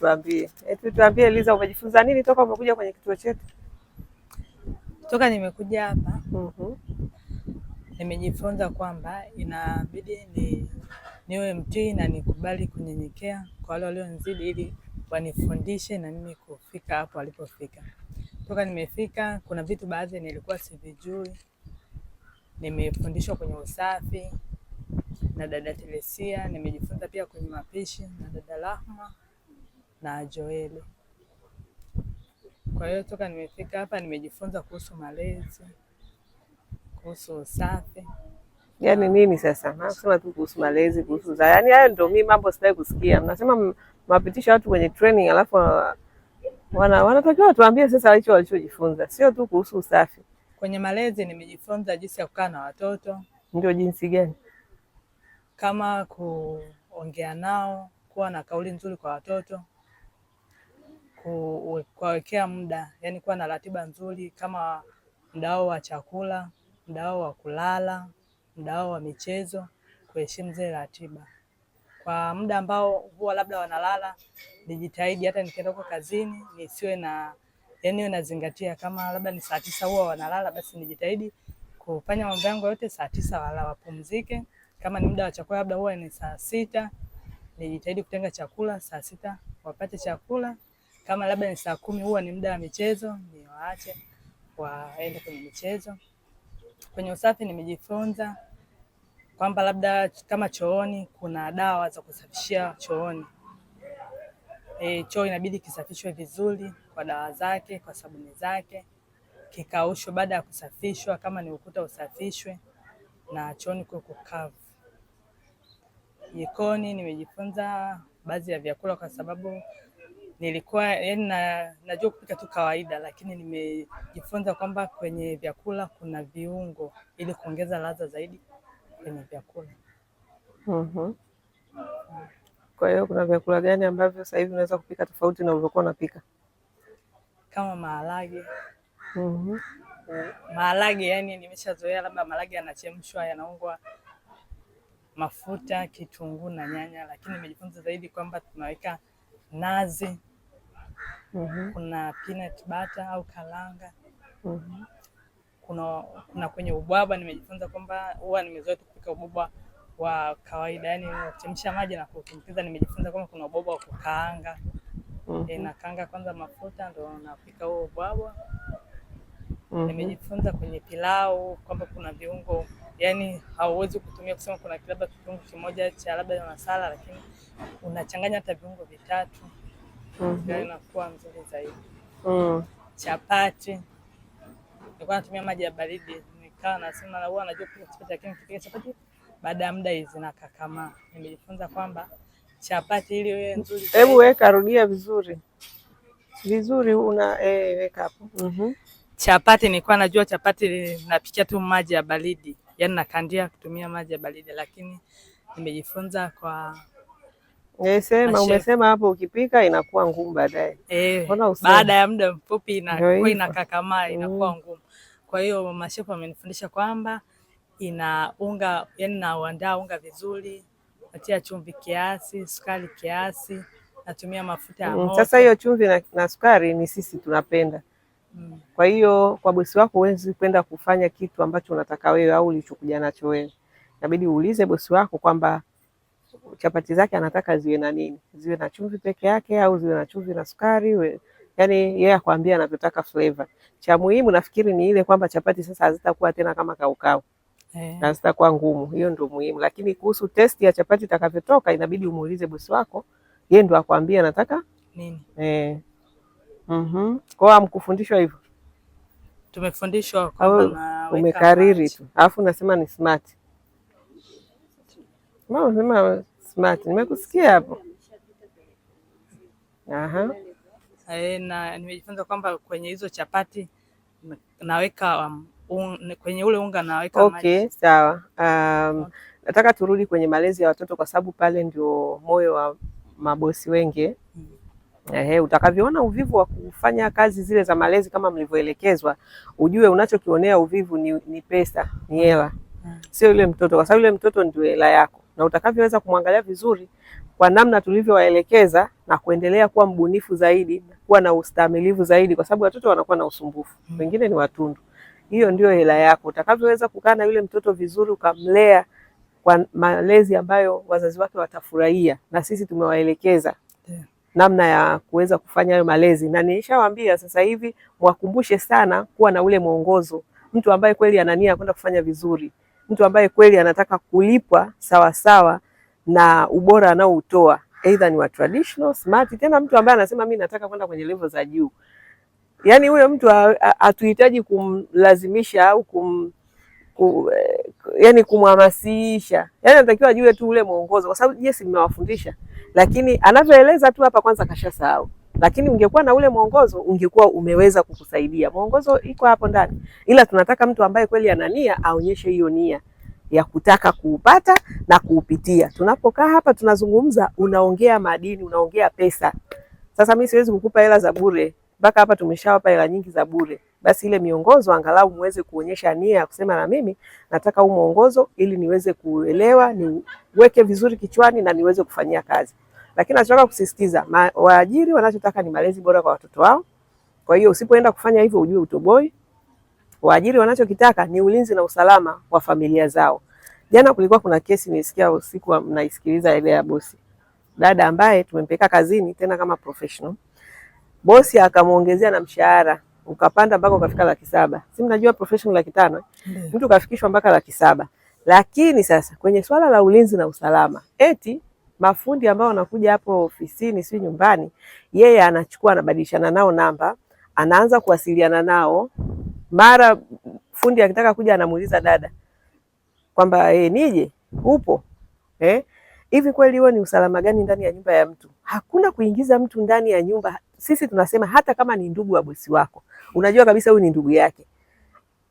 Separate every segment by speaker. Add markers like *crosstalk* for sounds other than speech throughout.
Speaker 1: Tuambie eti, eh, tuambie Eliza, umejifunza nini toka umekuja kwenye kituo chetu?
Speaker 2: Toka nimekuja hapa mm -hmm. Nimejifunza kwamba inabidi ni, niwe mtii na nikubali kunyenyekea kwa wale walionizidi ili wanifundishe na mimi kufika hapo walipofika. Toka nimefika kuna vitu baadhi nilikuwa sivijui, nimefundishwa kwenye usafi na dada Telesia, nimejifunza pia kwenye mapishi na dada Rahma na Joeli. Kwa hiyo toka nimefika hapa nimejifunza kuhusu malezi, kuhusu usafi
Speaker 1: yaani ah. nini sasa, nasema tu kuhusu malezi, kuhusu za yaani, hayo ndio mimi mambo sitaki kusikia. Mnasema mnapitisha watu kwenye training, alafu wana wanatakiwa watuambie sasa hicho walichojifunza, sio tu kuhusu usafi.
Speaker 2: Kwenye malezi nimejifunza jinsi ya kukaa na watoto.
Speaker 1: Ndio jinsi gani?
Speaker 2: Kama kuongea nao, kuwa na kauli nzuri kwa watoto kuwawekea muda, yani kuwa na ratiba nzuri, kama muda wao wa chakula, muda wao wa kulala, muda wao wa michezo, kuheshimu zile ratiba. Kwa muda ambao huwa labda wanalala, nijitahidi hata nikienda huko kazini nisiwe na yani, nazingatia kama labda ni saa tisa huwa wanalala, basi nijitahidi kufanya mambo yangu yote saa tisa wala wapumzike. Kama ni muda wa chakula labda huwa ni saa sita, nijitahidi kutenga chakula saa sita wapate chakula kama labda ni saa kumi huwa ni muda wa michezo, niwaache waende kwenye michezo. Kwenye usafi nimejifunza kwamba labda kama chooni kuna dawa za kusafishia chooni. E, choo inabidi kisafishwe vizuri kwa dawa zake, kwa sabuni zake, kikaushwe baada ya kusafishwa. Kama ni ukuta usafishwe na chooni kuwe kukavu. Jikoni nimejifunza baadhi ya vyakula kwa sababu nilikuwa yani na, najua kupika tu kawaida, lakini nimejifunza kwamba kwenye vyakula kuna viungo ili kuongeza ladha zaidi kwenye vyakula.
Speaker 1: mm -hmm. Kwa hiyo kuna vyakula gani ambavyo sasa hivi unaweza kupika tofauti na ulivyokuwa unapika?
Speaker 2: Kama maharage. mm -hmm. Maharage yani nimeshazoea, labda maharage yanachemshwa, yanaungwa mafuta, kitunguu na nyanya, lakini nimejifunza zaidi kwamba tunaweka nazi hmm kuna peanut butter au kalanga mm-hmm. kuna, kuna kwenye ubwabwa nimejifunza kwamba huwa nimezoea kupika ubwabwa wa kawaida, yani kuchemsha maji na kutumbukiza. Nimejifunza kwamba kuna ubwabwa wa kukaanga mm-hmm. E, nakaanga kwanza mafuta ndo napika huo ubwabwa mm-hmm. Nimejifunza kwenye pilau kwamba kuna viungo yani hauwezi kutumia kusema kuna labda kiungo kimoja cha labda masala, lakini unachanganya hata viungo vitatu mm -hmm. inakuwa mzuri zaidi mm. Chapati nilikuwa natumia maji ya baridi, nikawa nasema huwa najua kupika chapati, lakini kupika chapati baada ya muda zinakakamaa. Nimejifunza kwamba chapati ili iwe nzuri,
Speaker 1: hebu weka, rudia vizuri vizuri, una eh, weka hapo mm -hmm.
Speaker 2: Chapati nilikuwa najua chapati napikia tu maji ya baridi, yaani nakandia kutumia maji ya baridi, lakini nimejifunza kwa
Speaker 1: Sema umesema hapo, ukipika inakuwa ngumu baadaye
Speaker 2: eh, baada ya muda mfupi inakuwa inakakamaa, mm. inakuwa ngumu. Kwa hiyo mama mashefu amenifundisha kwamba ina unga, yani nauandaa unga vizuri, natia chumvi kiasi, sukari kiasi, natumia mafuta ya
Speaker 1: mm, moto. Sasa hiyo chumvi na, na sukari ni sisi tunapenda mm. Kwa hiyo kwa bosi wako huwezi kwenda kufanya kitu ambacho unataka wewe au ulichokuja nacho wewe, inabidi uulize bosi wako kwamba chapati zake anataka ziwe na nini, ziwe na chumvi peke yake au ziwe na chumvi na sukari we, yani yeye akwambia anavyotaka flavor. Cha muhimu nafikiri ni ile kwamba chapati sasa hazitakuwa tena kama kaukau yeah. hazitakuwa ngumu, hiyo ndio muhimu, lakini kuhusu testi ya chapati itakavyotoka inabidi umuulize bosi wako, yeye ndio akwambia anataka nini eh. Mhm, kwao amkufundishwa hivyo,
Speaker 2: tumefundishwa
Speaker 1: kwamba umekariri tu, alafu nasema ni smart Simama simama, smart, nimekusikia hapo.
Speaker 2: Aha. Eh, na nimejifunza kwamba kwenye hizo chapati naweka um, un, kwenye ule unga naweka
Speaker 1: okay, maji. Sawa. Um, okay. Nataka turudi kwenye malezi ya watoto kwa sababu pale ndio moyo wa mabosi wengi mm. Ehe, utakavyoona uvivu wa kufanya kazi zile za malezi kama mlivyoelekezwa, ujue unachokionea uvivu ni, ni pesa, ni hela mm. Sio yule mtoto, kwa sababu yule mtoto ndio hela yako na utakavyoweza kumwangalia vizuri kwa namna tulivyowaelekeza na kuendelea kuwa mbunifu zaidi, kuwa na ustahimilivu zaidi, kwa sababu watoto wanakuwa na usumbufu, hmm. wengine ni watundu. Hiyo ndio hela yako. Utakavyoweza kukaa na yule mtoto vizuri, ukamlea kwa malezi ambayo wazazi wake watafurahia, na sisi tumewaelekeza yeah, namna ya kuweza kufanya hayo malezi, na nishawaambia sasa hivi mwakumbushe sana kuwa na ule mwongozo, mtu ambaye kweli anania kwenda kufanya vizuri mtu ambaye kweli anataka kulipwa sawa sawa na ubora anaoutoa, aidha ni wa traditional smart, tena mtu ambaye anasema mimi nataka kwenda kwenye level za juu. Yaani huyo mtu hatuhitaji kumlazimisha au kum ku, eh, yani kumhamasisha, yani anatakiwa ajue tu ule mwongozo, kwa sababu yes, nimewafundisha, lakini anavyoeleza tu hapa, kwanza kashasahau lakini ungekuwa na ule mwongozo ungekuwa umeweza kukusaidia. Mwongozo iko hapo ndani, ila tunataka mtu ambaye kweli ana nia aonyeshe hiyo nia ya kutaka kuupata na kuupitia. Tunapokaa hapa tunazungumza, unaongea madini, unaongea pesa. Sasa mimi siwezi kukupa hela za bure, mpaka hapa tumeshawapa hela nyingi za bure. Basi ile miongozo angalau muweze kuonyesha nia ya kusema, na mimi nataka huu mwongozo ili niweze kuelewa, niweke vizuri kichwani na niweze kufanyia kazi. Lakini anachotaka kusisitiza waajiri wanachotaka ni malezi bora kwa watoto wao. Kwa hiyo usipoenda kufanya hivyo ujue utoboi. Waajiri wanachokitaka ni ulinzi na usalama wa familia zao. Jana kulikuwa kuna kesi nilisikia usiku mnaisikiliza ile ya bosi. Dada ambaye tumempeleka kazini tena kama professional. Bosi akamuongezea na mshahara ukapanda mpaka ukafika laki saba. Si mnajua professional laki tano? Eh? Mtu kafikishwa mpaka laki saba. Lakini sasa kwenye swala la ulinzi na usalama eti mafundi ambao wanakuja hapo ofisini si nyumbani, yeye anachukua anabadilishana nao namba, anaanza kuwasiliana nao. Mara fundi akitaka kuja anamuuliza dada kwamba e, nije upo eh? Hivi kweli huo ni usalama gani ndani ya nyumba ya mtu? Hakuna kuingiza mtu ndani ya nyumba. Sisi tunasema hata kama ni ndugu wa bosi wako, unajua kabisa huyu ni ndugu yake,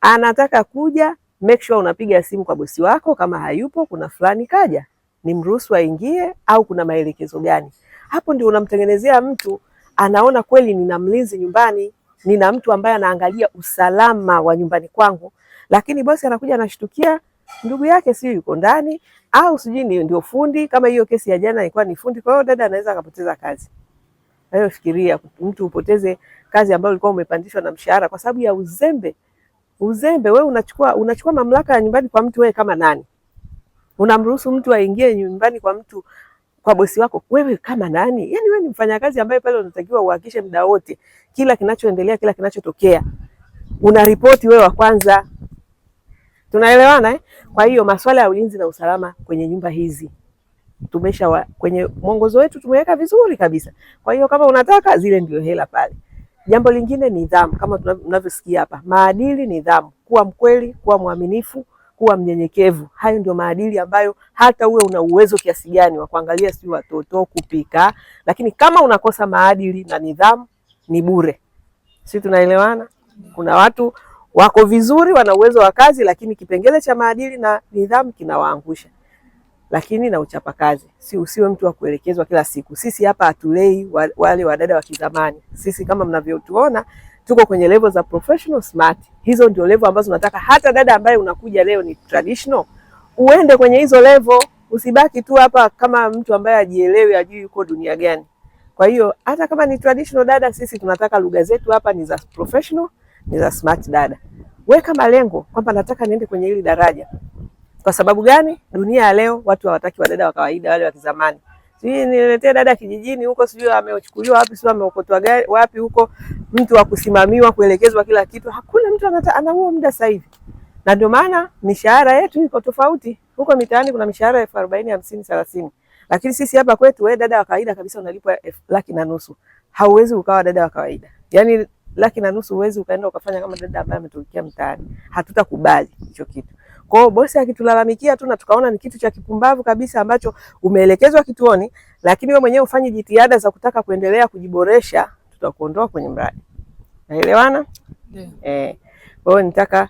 Speaker 1: anataka kuja, make sure unapiga simu kwa bosi wako, kama hayupo kuna fulani kaja ni mruhusu aingie au kuna maelekezo gani? Hapo ndio unamtengenezea mtu anaona kweli nina mlinzi nyumbani, nina mtu ambaye anaangalia usalama wa nyumbani kwangu. Lakini bosi anakuja anashtukia ndugu yake sio yuko ndani au sijui ndio fundi. Kama hiyo kesi ya jana ilikuwa ni fundi, kwa hiyo dada anaweza akapoteza kazi. Hayo fikiria, mtu upoteze kazi ambayo ulikuwa umepandishwa na mshahara kwa sababu ya uzembe. Uzembe wewe unachukua unachukua mamlaka ya nyumbani kwa mtu wewe kama nani? Unamruhusu mtu aingie nyumbani kwa mtu kwa bosi wako, wewe kama nani? Yani wewe ni mfanyakazi ambaye pale unatakiwa uhakishe muda wote kila kinachoendelea, kila kinachotokea ripoti wewe wa kwanza. Tunaelewana eh? Kwa hiyo masuala ya ulinzi na usalama kwenye nyumba hizi tumesha wa, kwenye mwongozo wetu tumeweka vizuri kabisa. Kwa hiyo kama unataka zile ndio hela pale. Jambo lingine ni nidhamu, kama tunavyosikia hapa, maadili, nidhamu, kuwa mkweli, kuwa mwaminifu kuwa mnyenyekevu. Hayo ndio maadili ambayo hata uwe una uwezo kiasi gani wa kuangalia si watoto kupika, lakini kama unakosa maadili na nidhamu ni bure. Sisi tunaelewana? Kuna watu wako vizuri, wana uwezo wa kazi, lakini kipengele cha maadili na nidhamu kinawaangusha. Lakini na uchapakazi, si usiwe mtu wa kuelekezwa kila siku. Sisi hapa hatulei wale wadada wa kizamani. Sisi kama mnavyotuona tuko kwenye level za professional smart. Hizo ndio level ambazo nataka hata dada ambaye unakuja leo ni traditional, uende kwenye hizo level, usibaki tu hapa kama mtu ambaye ajielewi, ajui yuko dunia gani. Kwa hiyo hata kama ni traditional dada, sisi tunataka lugha zetu hapa ni za professional, ni za smart dada. Weka malengo kwamba nataka niende kwenye hili daraja. Kwa sababu gani? Dunia ya leo watu hawataki wadada wa kawaida wale wa kizamani sijui niletea dada kijijini huko, sijui ameochukuliwa wapi, sijui ameokotwa wapi huko, mtu wa kusimamiwa kuelekezwa kila kitu. Hakuna mtu anata, ana huo muda sasa hivi, na ndio maana mishahara yetu iko tofauti. Huko mitaani kuna mishahara elfu arobaini, hamsini, thelathini, lakini sisi hapa kwetu, wewe dada wa kawaida kabisa unalipwa laki na nusu. Hauwezi ukawa dada wa kawaida yani laki na nusu huwezi ukaenda ukafanya kama dada ambaye ametokea mtaani. Hatutakubali hicho kitu. Kwa hiyo bosi akitulalamikia tu na tukaona ni kitu cha kipumbavu kabisa ambacho umeelekezwa kituoni, lakini wewe mwenyewe ufanye jitihada za kutaka kuendelea kujiboresha, tutakuondoa kwenye mradi. Naelewana? Yeah. Eh. Kwa hiyo nitaka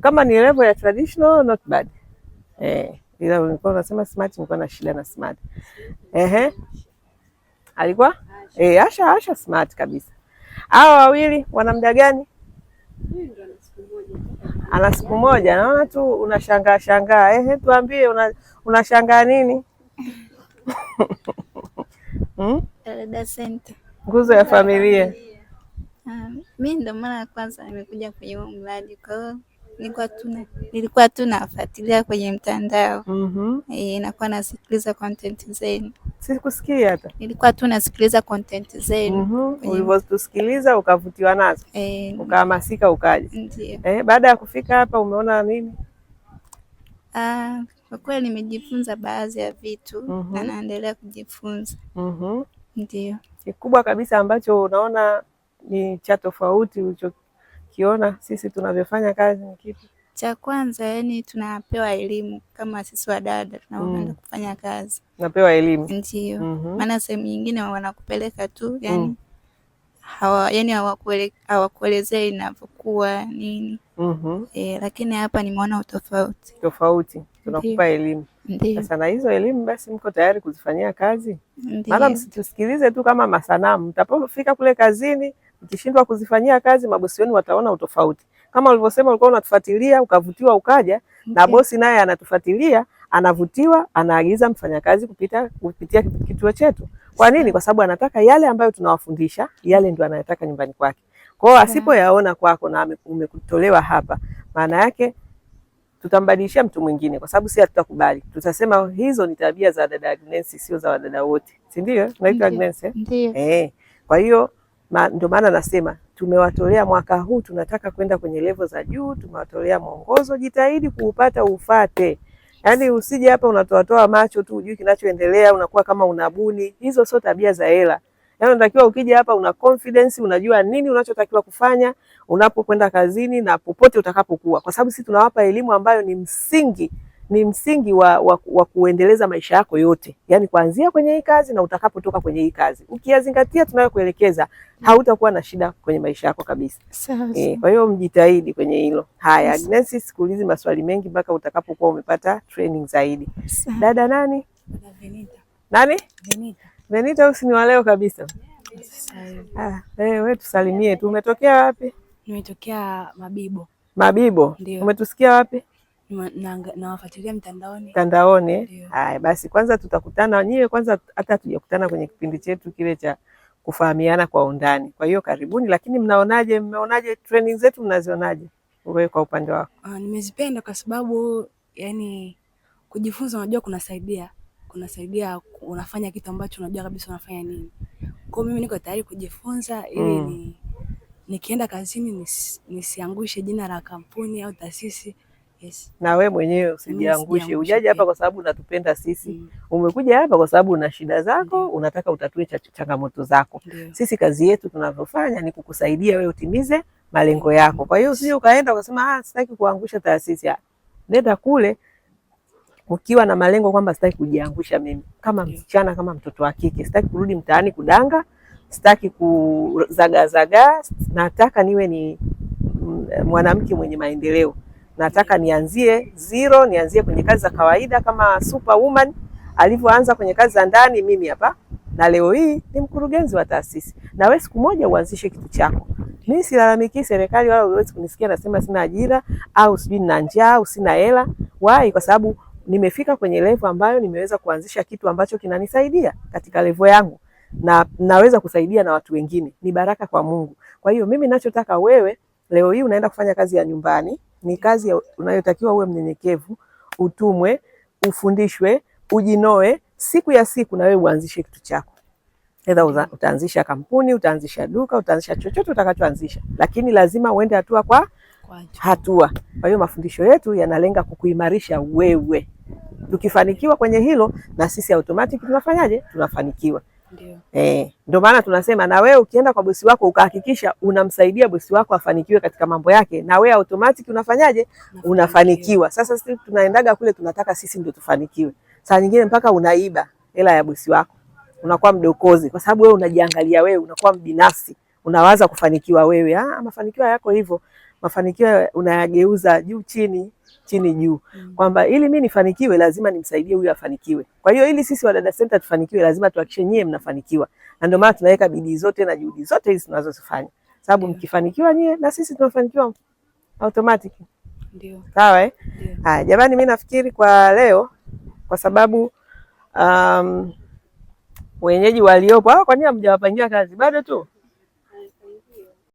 Speaker 1: kama ni level ya traditional not bad. Eh, ila ulikuwa unasema smart, nilikuwa na shida na smart. Ehe. Alikuwa? Eh, Asha Asha smart kabisa. Hawa wawili wana muda gani? ana siku moja, naona tu unashangaa shangaa. Ehe, tuambie unashangaa una nini? *laughs* hmm? Nguzo ya familia.
Speaker 3: Ah, mi ndo mara ya kwanza nimekuja kwenye huu mradi, kwa hiyo nilikuwa tu nilikuwa nafuatilia kwenye mtandao mm -hmm. E, nakuwa nasikiliza content zenu.
Speaker 1: Sikusikia hata
Speaker 3: nilikuwa tu nasikiliza content zenu
Speaker 1: mm Ulivyotusikiliza ukavutiwa nazo Eh, ukahamasika ukaja. Ndio Eh, baada ya kufika hapa umeona nini?
Speaker 3: Ah, kwa kweli nimejifunza baadhi ya vitu mm -hmm. na naendelea kujifunza mm
Speaker 1: Ndio kikubwa kabisa ambacho unaona ni cha tofauti ulicho ukiona sisi tunavyofanya kazi ni kipi
Speaker 3: cha kwanza, yani tunapewa elimu kama sisi wadada tunaoenda mm. kufanya kazi,
Speaker 1: napewa elimu
Speaker 3: ndio mhm. maana mm -hmm. sehemu nyingine wanakupeleka tu yani mm. hawa, yani hawakuelezea inavyokuwa nini mm -hmm. E, lakini hapa nimeona utofauti
Speaker 1: tofauti, tunakupa elimu sasa, na hizo elimu basi mko tayari kuzifanyia kazi, maana msitusikilize tu kama masanamu, mtapofika kule kazini Ukishindwa kuzifanyia kazi, mabosi wenu wataona utofauti. Kama ulivyosema, ulikuwa unatufuatilia ukavutiwa ukaja, okay. Na bosi naye anatufuatilia anavutiwa, anaagiza mfanyakazi kupita kupitia kituo chetu. Kwa nini? Kwa sababu anataka yale ambayo tunawafundisha, yale ndio anayotaka nyumbani kwake. Kwa hiyo asipoyaona kwako na umekutolewa hapa, maana yake tutambadilishia mtu mwingine, kwa sababu si hatutakubali. Tutasema hizo ni tabia za dada Agnes, sio za wadada wote, si ndio? Naitwa Agnes eh? eh, kwa hiyo Ma, ndio maana nasema tumewatolea mwaka huu, tunataka kwenda kwenye levo za juu, tumewatolea mwongozo. Jitahidi kuupata ufate, yaani usije hapa unatoatoa macho tu, hujui kinachoendelea, unakuwa kama unabuni. Hizo sio tabia za hela. Yaani unatakiwa ukija hapa una confidence, unajua nini unachotakiwa kufanya unapokwenda kazini na popote utakapokuwa, kwa sababu sisi tunawapa elimu ambayo ni msingi ni msingi wa, wa, wa kuendeleza maisha yako yote, yaani kuanzia kwenye hii kazi na utakapotoka kwenye hii kazi. Ukiyazingatia tunayokuelekeza, mm. hautakuwa na shida kwenye maisha yako kabisa. Eh, kwa hiyo mjitahidi kwenye hilo. Haya, Agnes, sikuulizi maswali mengi mpaka utakapokuwa umepata training zaidi. Dada nani? Dada Venita. Nani? Venita. Venita usini wa leo kabisa. Ah, eh, wewe tusalimie tu, umetokea wapi?
Speaker 4: Nimetokea Mabibo.
Speaker 1: Mabibo, umetusikia wapi?
Speaker 4: nawafuatilia mtandaoni
Speaker 1: mtandaoni. Haya basi, kwanza tutakutana nyiwe, kwanza hata hatujakutana kwenye kipindi chetu kile cha kufahamiana kwa undani. Kwa hiyo karibuni. Lakini mnaonaje, mmeonaje training zetu, mnazionaje wewe kwa upande wako?
Speaker 4: Uh, nimezipenda kwa sababu yani kujifunza, unajua kunasaidia, kunasaidia unafanya kitu ambacho unajua kabisa unafanya nini. Kwa mimi niko tayari kujifunza ili mm. nikienda kazini nisiangushe jina la kampuni au taasisi
Speaker 1: yes. Na we mwenyewe usijiangushe, ujaje hapa kwa sababu unatupenda sisi mm. Umekuja hapa kwa sababu una shida zako mm. Unataka utatue changamoto zako yeah. Sisi kazi yetu tunavyofanya ni kukusaidia wewe utimize malengo yako. Kwa hiyo usije ukaenda ukasema ah, sitaki kuangusha taasisi. Nenda kule ukiwa na malengo kwamba sitaki kujiangusha mimi kama yeah. Msichana kama mtoto wa kike sitaki kurudi mtaani kudanga, sitaki kuzagazaga, nataka niwe ni mm, mwanamke mwenye maendeleo nataka nianzie zero, nianzie kwenye kazi za kawaida kama superwoman alivyoanza kwenye kazi za ndani. Mimi hapa na leo hii ni mkurugenzi wa taasisi, na wewe siku moja uanzishe kitu chako. Mimi silalamiki serikali, wala huwezi kunisikia nasema sina ajira au sijui nina njaa au sina hela. wai, Kwa sababu nimefika kwenye levo ambayo nimeweza kuanzisha kitu ambacho kinanisaidia katika levo yangu na naweza kusaidia na watu wengine. Ni baraka kwa Mungu. Kwa hiyo mimi nachotaka wewe, leo hii unaenda kufanya kazi ya nyumbani ni kazi unayotakiwa uwe mnyenyekevu, utumwe, ufundishwe, ujinoe siku ya siku, na wewe uanzishe kitu chako. edha utaanzisha kampuni, utaanzisha duka, utaanzisha chochote utakachoanzisha, lakini lazima uende hatua kwa hatua. Kwa hiyo mafundisho yetu yanalenga kukuimarisha wewe. Tukifanikiwa kwenye hilo, na sisi automatic tunafanyaje? Tunafanikiwa. Ndio. Eh, ndio maana tunasema na wewe ukienda kwa bosi wako ukahakikisha unamsaidia bosi wako afanikiwe katika mambo yake, na wewe automatic unafanyaje? Unafanikiwa. Sasa sisi tunaendaga kule, tunataka sisi ndio tufanikiwe. Saa nyingine mpaka unaiba hela ya bosi wako, unakuwa mdokozi, kwa sababu wewe unajiangalia wewe, unakuwa mbinafsi, unawaza kufanikiwa wewe. Ah, mafanikio yako hivyo mafanikio unayageuza juu chini chini juu, mm. kwamba ili mimi nifanikiwe lazima nimsaidie huyu afanikiwe. Kwa hiyo ili sisi Wadada Center tufanikiwe, lazima tuhakishe nyie mnafanikiwa, na ndio maana tunaweka bidii zote na juhudi zote hizi tunazozifanya, sababu mkifanikiwa nyie na sisi tunafanikiwa automatic. Ndio sawa eh? Haya jamani, mimi nafikiri kwa leo, kwa sababu um, wenyeji waliopo, kwa nini hamjawapangia kazi bado tu